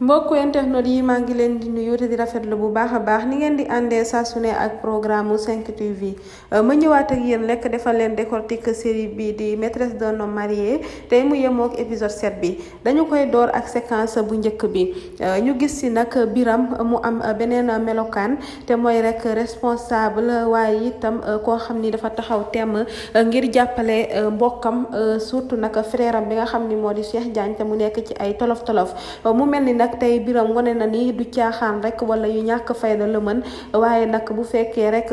mbokku internet yi maa ngi leen di nuyu te di rafetlu bu baax a baax ni ngeen di àndee saa su ne ak programme e, 5 TV ma ñëwaat ak yéen lekk defal leen décortique série bi di maîtresse d'un homme marié tey mu yemoo ak épisode 7 bi dañu koy door ak séquence bu njëkk bi e, ñu gis si nag biram e, mu am beneen melokaan te mooy rek responsable waaye itam koo xam ni dafa taxaw temm ngir jàppale mbokkam surtout nag frère am bi nga xam ni moo di Cheikh Diagne te mu nekk ci ay tolof tolof mu mel ni nag tey biram wane na ni du caaxaan rek wala yu ñàkk fayda la mën waaye nag bu fekkee rek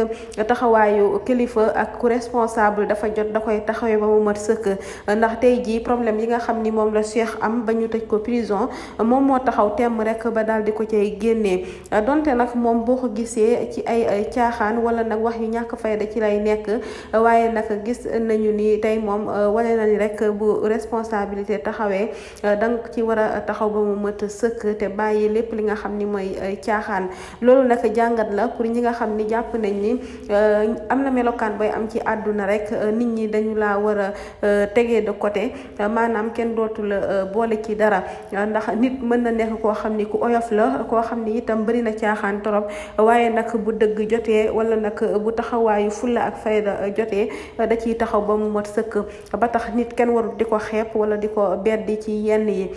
taxawaayu kilifa ak ku responsable dafa jot da koy taxawee ba mu mat sëkk ndax tey jii problème yi nga xam ni moom la Cheikh am ba ñu tëj ko prison moom moo taxaw temm rek ba daal di ko cay génnee donte nag moom boo ko gisee ci ay caaxaan wala nag wax yu ñàkk fay fayda ci lay nekk waaye nag gis nañu ni tey moom wane na ni rek bu responsabilité taxawee danga ci war a taxaw ba mu sëkk te bàyyi lépp li nga xam ni mooy euh, caaxaan loolu nag jàngat la pour ñi nga xam ni jàpp nañ ni euh, am na melokaan booy am ci àdduna rek euh, nit ñi dañu la war a tegee da côté maanaam kenn dootu la boole ci dara ndax nit mën na nekk koo xam ni ku oyof la koo xam ni itam bëri na caaxaan torop waaye nag bu dëgg jotee wala nag bu taxawaayu fulla ak fayda jotee da ciy taxaw ba mu mot sëkk ba tax nit kenn warul di ko xeeb wala di ko beddi ci yenn yi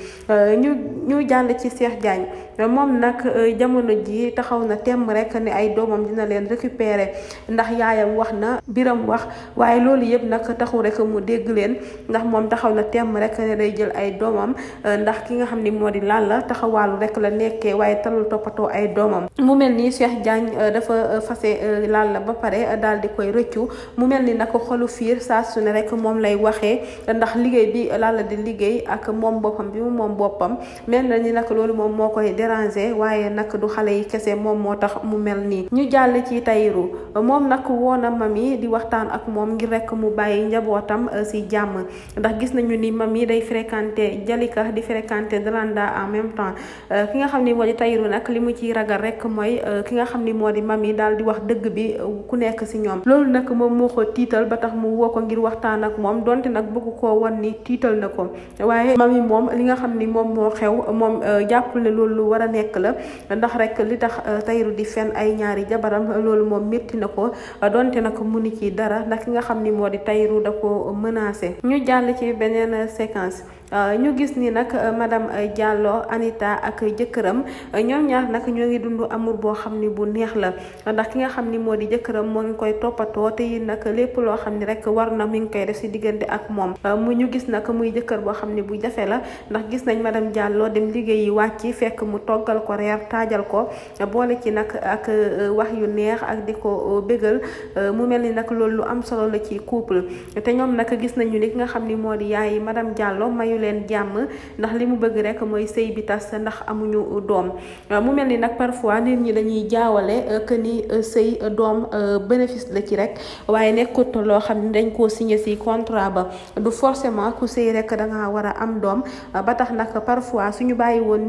ñu ñu jàll Cheikh Diagne moom nag euh, jamono ji taxaw na temm rek ne ay doomam dina leen récupérer ndax yaayam wax na biram wax waaye loolu yëpp nag taxul rek mu dégg leen ndax taxaw na temm rek ne day jël ay doomam euh, ndax ki nga xam ni moo di lan la taxawaalu rek la nekkee waaye talul toppatoo ay doomam mu mel nii Cheikh Diagne euh, dafa fase lan la ba pare daal di koy rëccu mu mel ni nag xolu fiir saa sune ne rek moom lay waxee ndax liggéey bi lan di liggéey ak moom boppam bi mu moom boppam mel na ni nag loolu loolu moom moo koy déranger waaye nag du xale yi kese moom moo tax mu mel nii ñu jàll ci Tahirou moom nag woona mami di waxtaan ak moom ngir rek mu bàyyi njabootam euh, si jàmm ndax gis nañu ni mami day fréquenté Jalika di fréquenté Dalanda en même temps euh, ki nga xam ni moo di Tahirou nag li mu ciy ragal rek mooy euh, ki nga xam ni moo di mami daal di wax dëgg bi ku nekk si ñoom loolu nag moom moo ko tiital ba tax mu woo ko ngir waxtaan ak moom donte nag bëgg koo wan ni tiital na ko waaye mami moom li nga xam ni moom moo xew moom jàpp ne loolu lu war a nekk la ndax rek li tax euh, Tahirou di fen ay ñaari jabaram loolu moom metti na ko donte nag munu ci dara ndax ki nga xam ni moo di Tahirou da ko menacé ñu jàll ci beneen séquence euh, ñu gis ni nag euh, madame Diallo Anita ak jëkkëram ñoom ñaar ñoo ngi dund amour boo xam ni bu neex la ndax ki nga xam ni moo di jëkkëram moo ngi koy toppatoo te yi nag lépp loo xam ni rek war na mu ngi koy def si diggante ak moom mu ñu gis nag muy jëkkër boo xam ni bu jafe la ndax gis nañ madame Diallo dem liggéey yi nàcc fekk mu toggal ko reer taajal ko boole ci nag ak euh, wax yu neex ak di ko euh, bégal euh, mu mel ni nag loolu lu am solo la ci couple te ñoom nag gis nañu ni ki nga xam ni moo di yaay madam Diallo mayu leen jàmm ndax li mu bëgg rek mooy sëy bi tas ndax amuñu doom mu mel ni nag parfois nit ñi dañuy jaawale que ni sëy doom bénéfice la ci rek waaye nekkut loo xam ne dañ koo signé si contrat ba du forcément ku sëy rek danga nga war a am doom ba tax nag parfois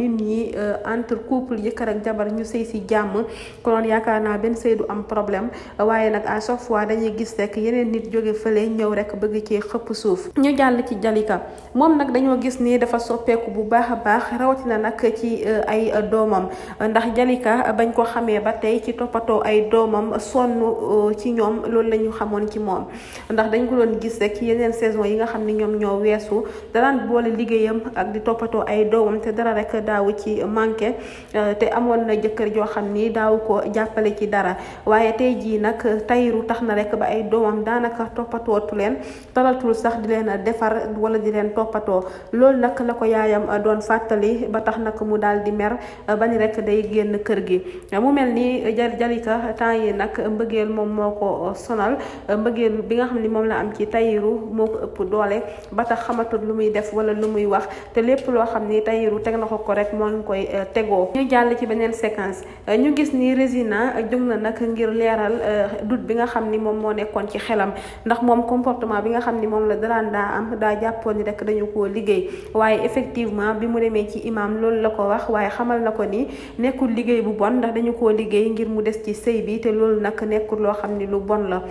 nit ñi euh, entre couple jëkkër ak jabar ñu sëy si jàmm konoon yaakaar naa benn sëy du am problème waaye nag à chaque fois dañuy gis rek yeneen nit jóge fële ñëw rek bëgg ci xëpp suuf ñu jàll ci Jalika moom nag dañoo gis ni dafa soppeeku bu baax a baax rawatina nag ci euh, ay doomam ndax Jalika bañ ko xamee ba tey ci toppatoo ay doomam sonn euh, ci ñoom loolu la xamoon ci moom ndax saison yi nga xam ne ñoom ñoo weesu danaan boole liggéeyam ak di toppatoo ay doomam te dara rek daawu ci manqué euh, te amoon na jëkkër joo xam ni daawu ko jàppale ci dara waaye tey jii nag tayru tax na rek ba ay doomam daanaka toppatootu leen talatul sax di leen defar wala di leen toppatoo loolu nag la ko yaayam doon fàttali ba tax nag mu daal di mer euh, ba ni rek day génn kër gi mu mel ni Jalika temps yi nag mbëggeel moom moo ko sonal euh, mbëggeel bi nga xam ni moom la am ci tayiru moo ko ëpp doole ba tax xamatul lu muy def wala lu muy wax te lépp rek moo ngi koy euh, tegoo ñu jàll ci beneen séquence euh, ñu gis ni Résina euh, jóg na nag ngir leeral doute bi nga xam ni moom moo nekkoon ci xelam ndax moom comportement bi nga xam ni moom la daraan am daa jàppoon ni rek dañu koo liggéey waaye effectivement bi mu demee ci imam loolu la ko wax waaye xamal na ko ni nekkul liggéey bu bon ndax dañu koo liggéey ngir mu des ci sëy bi te loolu nag nekkul loo xam ni lu bon la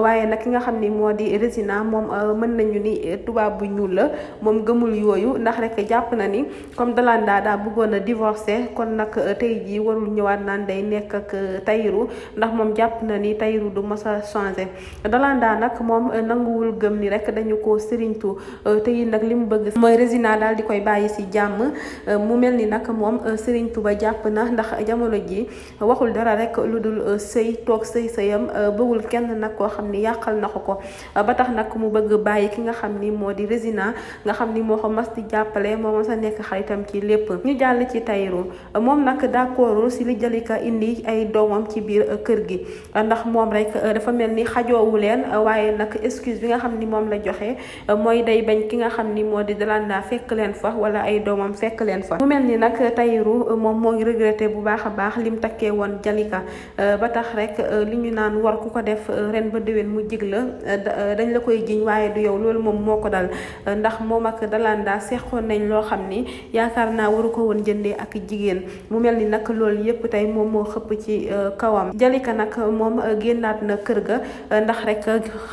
waaye nag ki nga xam ni moo di Résina moom mën nañu ni tubaab bu ñuul la moom gëmul yooyu ndax rek jàpp na ni comme dalaan daa bëggoon a divorcé kon nag euh, tey jii warul ñëwaat naan day nekk ak euh, Tahirou ndax moom jàpp na ni Tahirou du mas changé Dalanda nag moom euh, nanguwul gëm ni rek dañu ko sëriñtu te yi nag li mu bëgg mooy Résina daal di koy bàyyi si jàmm mu mel ni nag moom sëriñtu ba jàpp na ndax jamono ji waxul dara rek lu dul sëy toog sëy sëyam bëggul kenn nag koo xam ni yàqal na ko ko ba tax nag mu bëgg bàyyi ki nga xam ni moo di Résina nga xam ni moo ko mas di jàppale moo mas a nekk xaritam ci lépp ñu jàll ci Tahirou moom nag d'accordul si li Jalika indi ay doomam ci biir kër gi ndax moom rek dafa mel ni xajoowu leen waaye nag excuse bi nga xam ni moom la joxe mooy day bañ ki nga xam ni moo di Dalanda fekk leen fa wala ay doomam fekk leen fa mu mel ni nag Tahirou moom moo ngi regretté bu baax a baax lim takkee woon Jalika ba tax rek li ñu naan war ku ko def ren ba déwén mu jig la dañ la koy jiñ waaye du yow loolu moom moo ko dal ndax moom ak Dalanda seqoon nañ loo xam ni yaakaar naa waru ko ko woon jëndee ak jigéen mu mel ni nag loolu yëpp tey moom moo xëpp ci euh, kawam Jalika nag moom euh, génnaat na kër ga euh, ndax rek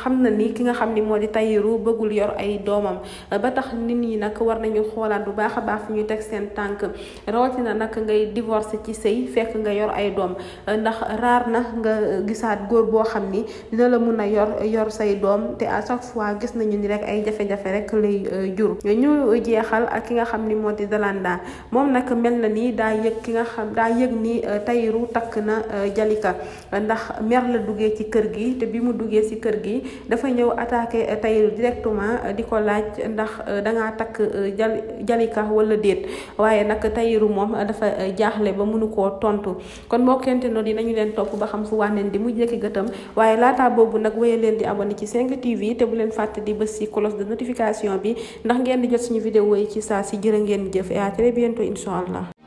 xam na ni ki nga xam ni moo di Tahirou bëggul yor ay doomam ba tax nit ñi nag war nañu xoolaat bu baax a baax fu ñu teg seen tànk rawatina nag ngay divorce ci sëy fekk nga yor ay doom ndax raar na nga gisaat góor boo xam ni dina la mun a yor yor say doom te à chaque fois gis nañu ni rek ay jafe-jafe rek lay jur ñu jeexal ki nga xam ni moo di Dalanda moom nag mel na ni daa yëg ki nga xam daa yëg ni euh, Tahirou takk na euh, Jalika ndax mer la duggee ci kër gi te bi mu duggee ci kër gi dafa ñëw attaqué euh, Tahirou directement di ko laaj ndax dangaa takk jal Jalika wala déet waaye nag Tahirou moom dafa jaaxle ba mu nu koo tontu kon mbokkente noonu dinañu leen topp ba xam fu wànneen di mu jëkki gëtam waaye laata boobu nag wéye leen di abonné ci 5TV te bu leen fàtte di bës ci cloche de notification bi ndax ngeen di jot suñu vidéo yi ci saa si jërë ngeen jëf et ان شاء الله